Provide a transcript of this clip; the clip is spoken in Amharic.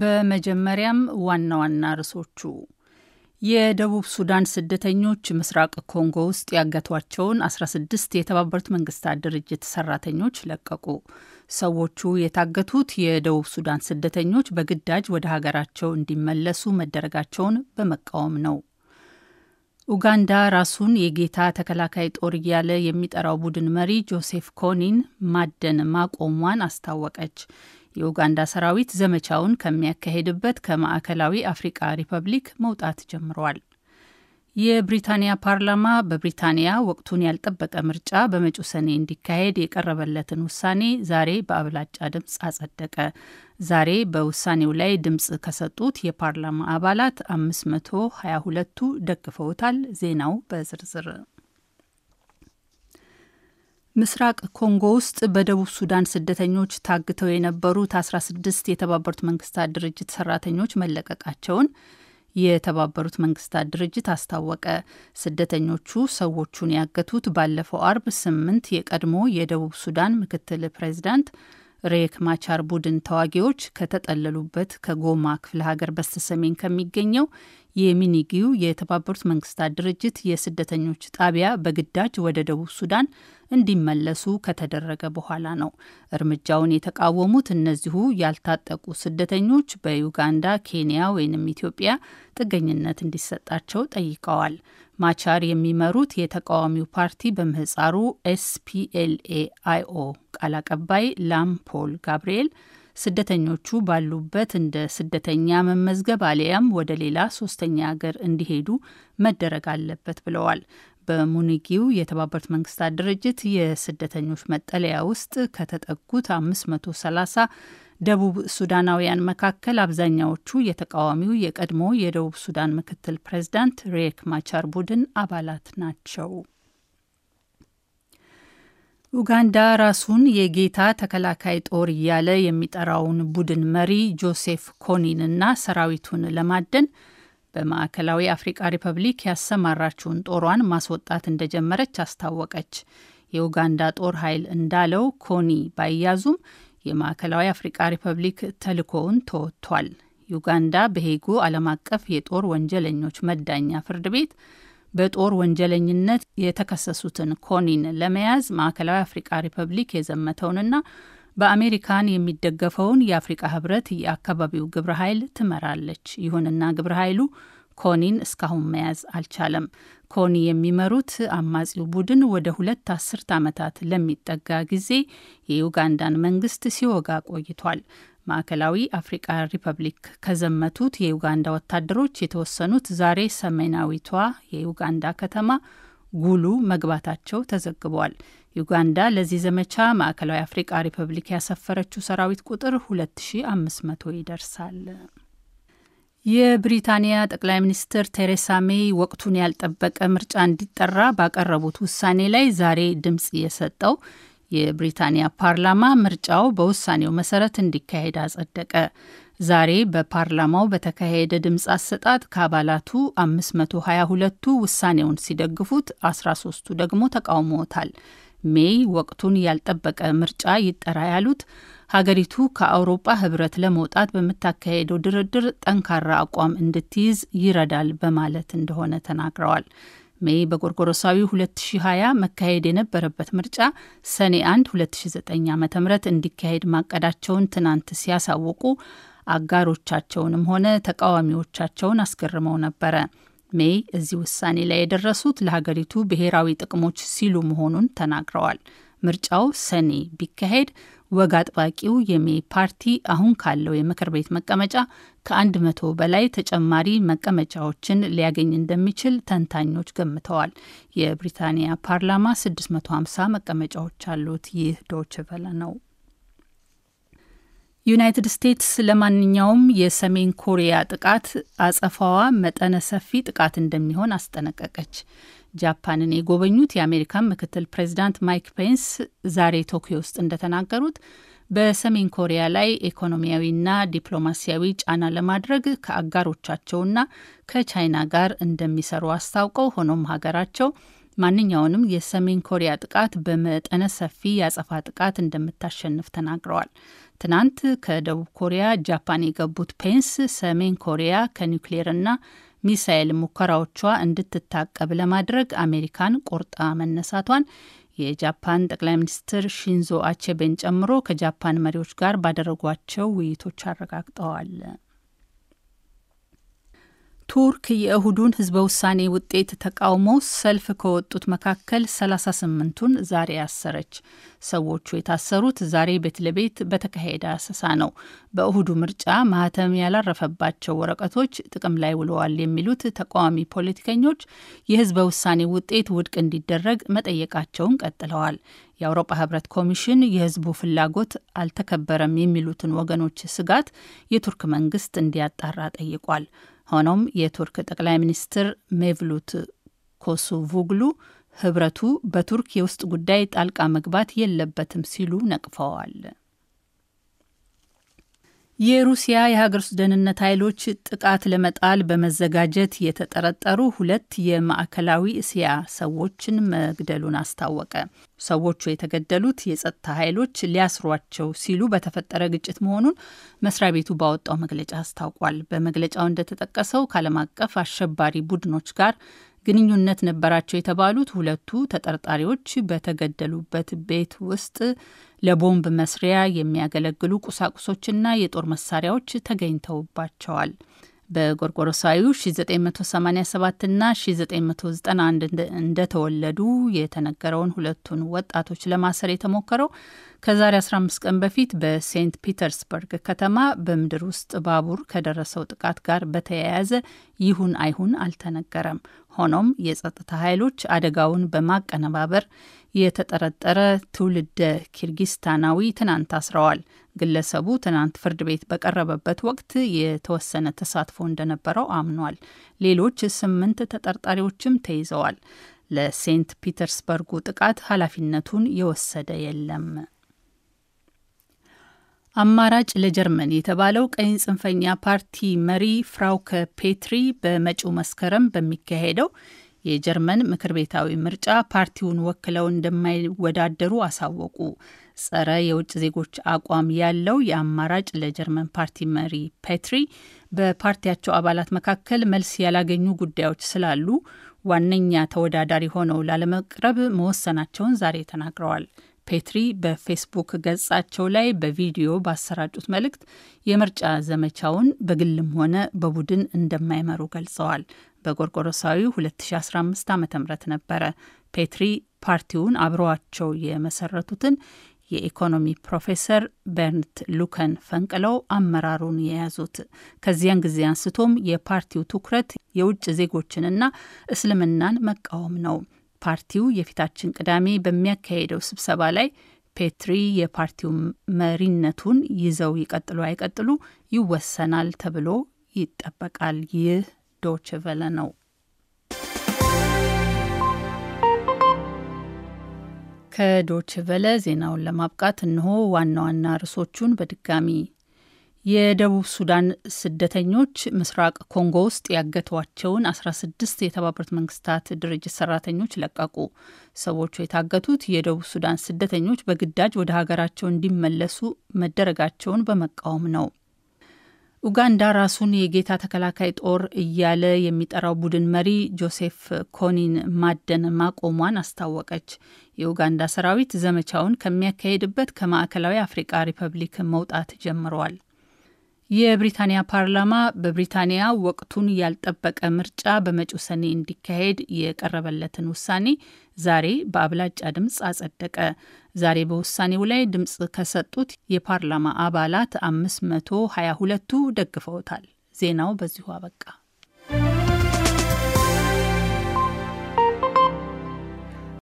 በመጀመሪያም ዋና ዋና ርዕሶቹ የደቡብ ሱዳን ስደተኞች ምስራቅ ኮንጎ ውስጥ ያገቷቸውን 16 የተባበሩት መንግስታት ድርጅት ሰራተኞች ለቀቁ። ሰዎቹ የታገቱት የደቡብ ሱዳን ስደተኞች በግዳጅ ወደ ሀገራቸው እንዲመለሱ መደረጋቸውን በመቃወም ነው። ኡጋንዳ ራሱን የጌታ ተከላካይ ጦር እያለ የሚጠራው ቡድን መሪ ጆሴፍ ኮኒን ማደን ማቆሟን አስታወቀች። የኡጋንዳ ሰራዊት ዘመቻውን ከሚያካሄድበት ከማዕከላዊ አፍሪቃ ሪፐብሊክ መውጣት ጀምረዋል። የብሪታንያ ፓርላማ በብሪታንያ ወቅቱን ያልጠበቀ ምርጫ በመጪው ሰኔ እንዲካሄድ የቀረበለትን ውሳኔ ዛሬ በአብላጫ ድምፅ አጸደቀ። ዛሬ በውሳኔው ላይ ድምፅ ከሰጡት የፓርላማ አባላት 522ቱ ደግፈውታል። ዜናው በዝርዝር ምስራቅ ኮንጎ ውስጥ በደቡብ ሱዳን ስደተኞች ታግተው የነበሩት 16 የተባበሩት መንግስታት ድርጅት ሰራተኞች መለቀቃቸውን የተባበሩት መንግስታት ድርጅት አስታወቀ። ስደተኞቹ ሰዎቹን ያገቱት ባለፈው አርብ ስምንት የቀድሞ የደቡብ ሱዳን ምክትል ፕሬዚዳንት ሬክ ማቻር ቡድን ተዋጊዎች ከተጠለሉበት ከጎማ ክፍለ ሀገር በስተሰሜን ከሚገኘው የሚኒጊው የተባበሩት መንግስታት ድርጅት የስደተኞች ጣቢያ በግዳጅ ወደ ደቡብ ሱዳን እንዲመለሱ ከተደረገ በኋላ ነው። እርምጃውን የተቃወሙት እነዚሁ ያልታጠቁ ስደተኞች በዩጋንዳ፣ ኬንያ ወይም ኢትዮጵያ ጥገኝነት እንዲሰጣቸው ጠይቀዋል። ማቻር የሚመሩት የተቃዋሚው ፓርቲ በምህጻሩ ኤስፒኤልኤ አይኦ ቃል አቀባይ ላምፖል ጋብርኤል ስደተኞቹ ባሉበት እንደ ስደተኛ መመዝገብ አሊያም ወደ ሌላ ሶስተኛ ሀገር እንዲሄዱ መደረግ አለበት ብለዋል። በሙኒጊው የተባበሩት መንግስታት ድርጅት የስደተኞች መጠለያ ውስጥ ከተጠጉት 530 ደቡብ ሱዳናውያን መካከል አብዛኛዎቹ የተቃዋሚው የቀድሞ የደቡብ ሱዳን ምክትል ፕሬዝዳንት ሪክ ማቻር ቡድን አባላት ናቸው። ኡጋንዳ ራሱን የጌታ ተከላካይ ጦር እያለ የሚጠራውን ቡድን መሪ ጆሴፍ ኮኒንና ሰራዊቱን ለማደን በማዕከላዊ አፍሪቃ ሪፐብሊክ ያሰማራችውን ጦሯን ማስወጣት እንደጀመረች አስታወቀች። የኡጋንዳ ጦር ኃይል እንዳለው ኮኒ ባይያዙም የማዕከላዊ አፍሪቃ ሪፐብሊክ ተልእኮውን ተወጥቷል። ዩጋንዳ በሄጉ ዓለም አቀፍ የጦር ወንጀለኞች መዳኛ ፍርድ ቤት በጦር ወንጀለኝነት የተከሰሱትን ኮኒን ለመያዝ ማዕከላዊ አፍሪቃ ሪፐብሊክ የዘመተውንና በአሜሪካን የሚደገፈውን የአፍሪቃ ህብረት የአካባቢው ግብረ ኃይል ትመራለች። ይሁንና ግብረ ኃይሉ ኮኒን እስካሁን መያዝ አልቻለም። ኮኒ የሚመሩት አማጺው ቡድን ወደ ሁለት አስርት ዓመታት ለሚጠጋ ጊዜ የዩጋንዳን መንግስት ሲወጋ ቆይቷል። ማዕከላዊ አፍሪቃ ሪፐብሊክ ከዘመቱት የዩጋንዳ ወታደሮች የተወሰኑት ዛሬ ሰሜናዊቷ የዩጋንዳ ከተማ ጉሉ መግባታቸው ተዘግቧል። ዩጋንዳ ለዚህ ዘመቻ ማዕከላዊ አፍሪቃ ሪፐብሊክ ያሰፈረችው ሰራዊት ቁጥር 2500 ይደርሳል። የብሪታንያ ጠቅላይ ሚኒስትር ቴሬሳ ሜይ ወቅቱን ያልጠበቀ ምርጫ እንዲጠራ ባቀረቡት ውሳኔ ላይ ዛሬ ድምፅ የሰጠው የብሪታንያ ፓርላማ ምርጫው በውሳኔው መሰረት እንዲካሄድ አጸደቀ። ዛሬ በፓርላማው በተካሄደ ድምፅ አሰጣት ከአባላቱ 522ቱ ውሳኔውን ሲደግፉት፣ 13ቱ ደግሞ ተቃውሞታል። ሜይ ወቅቱን ያልጠበቀ ምርጫ ይጠራ ያሉት ሀገሪቱ ከአውሮጳ ህብረት ለመውጣት በምታካሄደው ድርድር ጠንካራ አቋም እንድትይዝ ይረዳል በማለት እንደሆነ ተናግረዋል። ሜይ በጎርጎሮሳዊ 2020 መካሄድ የነበረበት ምርጫ ሰኔ 1 2009 ዓ ም እንዲካሄድ ማቀዳቸውን ትናንት ሲያሳውቁ አጋሮቻቸውንም ሆነ ተቃዋሚዎቻቸውን አስገርመው ነበረ። ሜይ እዚህ ውሳኔ ላይ የደረሱት ለሀገሪቱ ብሔራዊ ጥቅሞች ሲሉ መሆኑን ተናግረዋል። ምርጫው ሰኔ ቢካሄድ ወግ አጥባቂው የሜ ፓርቲ አሁን ካለው የምክር ቤት መቀመጫ ከአንድ መቶ በላይ ተጨማሪ መቀመጫዎችን ሊያገኝ እንደሚችል ተንታኞች ገምተዋል። የብሪታንያ ፓርላማ 650 መቀመጫዎች አሉት። ይህ ዶችቨለ ነው። ዩናይትድ ስቴትስ ለማንኛውም የሰሜን ኮሪያ ጥቃት አጸፋዋ መጠነ ሰፊ ጥቃት እንደሚሆን አስጠነቀቀች። ጃፓንን የጎበኙት የአሜሪካን ምክትል ፕሬዚዳንት ማይክ ፔንስ ዛሬ ቶኪዮ ውስጥ እንደተናገሩት በሰሜን ኮሪያ ላይ ኢኮኖሚያዊና ዲፕሎማሲያዊ ጫና ለማድረግ ከአጋሮቻቸውና ከቻይና ጋር እንደሚሰሩ አስታውቀው ሆኖም ሀገራቸው ማንኛውንም የሰሜን ኮሪያ ጥቃት በመጠነ ሰፊ የአጸፋ ጥቃት እንደምታሸንፍ ተናግረዋል። ትናንት ከደቡብ ኮሪያ ጃፓን የገቡት ፔንስ ሰሜን ኮሪያ ከኒውክሌርና ሚሳኤል ሙከራዎቿ እንድትታቀብ ለማድረግ አሜሪካን ቆርጣ መነሳቷን የጃፓን ጠቅላይ ሚኒስትር ሺንዞ አቼቤን ጨምሮ ከጃፓን መሪዎች ጋር ባደረጓቸው ውይይቶች አረጋግጠዋል። ቱርክ የእሁዱን ህዝበ ውሳኔ ውጤት ተቃውሞ ሰልፍ ከወጡት መካከል 38ቱን ዛሬ አሰረች። ሰዎቹ የታሰሩት ዛሬ ቤት ለቤት በተካሄደ አሰሳ ነው። በእሁዱ ምርጫ ማህተም ያላረፈባቸው ወረቀቶች ጥቅም ላይ ውለዋል የሚሉት ተቃዋሚ ፖለቲከኞች የህዝበ ውሳኔ ውጤት ውድቅ እንዲደረግ መጠየቃቸውን ቀጥለዋል። የአውሮፓ ህብረት ኮሚሽን የህዝቡ ፍላጎት አልተከበረም የሚሉትን ወገኖች ስጋት የቱርክ መንግስት እንዲያጣራ ጠይቋል። ሆኖም የቱርክ ጠቅላይ ሚኒስትር ሜቭሉት ኮሶቮግሉ ህብረቱ በቱርክ የውስጥ ጉዳይ ጣልቃ መግባት የለበትም ሲሉ ነቅፈዋል። የሩሲያ የሀገር ውስጥ ደህንነት ኃይሎች ጥቃት ለመጣል በመዘጋጀት የተጠረጠሩ ሁለት የማዕከላዊ እስያ ሰዎችን መግደሉን አስታወቀ። ሰዎቹ የተገደሉት የጸጥታ ኃይሎች ሊያስሯቸው ሲሉ በተፈጠረ ግጭት መሆኑን መስሪያ ቤቱ ባወጣው መግለጫ አስታውቋል። በመግለጫው እንደተጠቀሰው ከዓለም አቀፍ አሸባሪ ቡድኖች ጋር ግንኙነት ነበራቸው የተባሉት ሁለቱ ተጠርጣሪዎች በተገደሉበት ቤት ውስጥ ለቦምብ መስሪያ የሚያገለግሉ ቁሳቁሶችና የጦር መሳሪያዎች ተገኝተውባቸዋል። በጎርጎሮሳዊው 1987ና 1991 እንደተወለዱ የተነገረውን ሁለቱን ወጣቶች ለማሰር የተሞከረው ከዛሬ 15 ቀን በፊት በሴንት ፒተርስበርግ ከተማ በምድር ውስጥ ባቡር ከደረሰው ጥቃት ጋር በተያያዘ ይሁን አይሁን አልተነገረም። ሆኖም የጸጥታ ኃይሎች አደጋውን በማቀነባበር የተጠረጠረ ትውልደ ኪርጊስታናዊ ትናንት አስረዋል። ግለሰቡ ትናንት ፍርድ ቤት በቀረበበት ወቅት የተወሰነ ተሳትፎ እንደነበረው አምኗል። ሌሎች ስምንት ተጠርጣሪዎችም ተይዘዋል። ለሴንት ፒተርስበርጉ ጥቃት ኃላፊነቱን የወሰደ የለም። አማራጭ ለጀርመን የተባለው ቀኝ ጽንፈኛ ፓርቲ መሪ ፍራውከ ፔትሪ በመጪው መስከረም በሚካሄደው የጀርመን ምክር ቤታዊ ምርጫ ፓርቲውን ወክለው እንደማይወዳደሩ አሳወቁ። ጸረ የውጭ ዜጎች አቋም ያለው የአማራጭ ለጀርመን ፓርቲ መሪ ፔትሪ በፓርቲያቸው አባላት መካከል መልስ ያላገኙ ጉዳዮች ስላሉ ዋነኛ ተወዳዳሪ ሆነው ላለመቅረብ መወሰናቸውን ዛሬ ተናግረዋል። ፔትሪ በፌስቡክ ገጻቸው ላይ በቪዲዮ ባሰራጩት መልእክት የምርጫ ዘመቻውን በግልም ሆነ በቡድን እንደማይመሩ ገልጸዋል። በጎርጎሮሳዊ 2015 ዓ ም ነበረ ፔትሪ ፓርቲውን አብረዋቸው የመሰረቱትን የኢኮኖሚ ፕሮፌሰር በርንት ሉከን ፈንቅለው አመራሩን የያዙት። ከዚያን ጊዜ አንስቶም የፓርቲው ትኩረት የውጭ ዜጎችንና እስልምናን መቃወም ነው። ፓርቲው የፊታችን ቅዳሜ በሚያካሄደው ስብሰባ ላይ ፔትሪ የፓርቲው መሪነቱን ይዘው ይቀጥሉ አይቀጥሉ ይወሰናል ተብሎ ይጠበቃል። ይህ ዶች ቨለ ነው። ከዶች ቨለ ዜናውን ለማብቃት እንሆ ዋና ዋና ርዕሶቹን በድጋሚ የደቡብ ሱዳን ስደተኞች ምስራቅ ኮንጎ ውስጥ ያገቷቸውን 16 የተባበሩት መንግስታት ድርጅት ሰራተኞች ለቀቁ። ሰዎቹ የታገቱት የደቡብ ሱዳን ስደተኞች በግዳጅ ወደ ሀገራቸው እንዲመለሱ መደረጋቸውን በመቃወም ነው። ኡጋንዳ ራሱን የጌታ ተከላካይ ጦር እያለ የሚጠራው ቡድን መሪ ጆሴፍ ኮኒን ማደን ማቆሟን አስታወቀች። የኡጋንዳ ሰራዊት ዘመቻውን ከሚያካሄድበት ከማዕከላዊ አፍሪቃ ሪፐብሊክ መውጣት ጀምረዋል። የብሪታንያ ፓርላማ በብሪታንያ ወቅቱን ያልጠበቀ ምርጫ በመጪው ሰኔ እንዲካሄድ የቀረበለትን ውሳኔ ዛሬ በአብላጫ ድምፅ አጸደቀ። ዛሬ በውሳኔው ላይ ድምፅ ከሰጡት የፓርላማ አባላት 522ቱ ደግፈውታል። ዜናው በዚሁ አበቃ።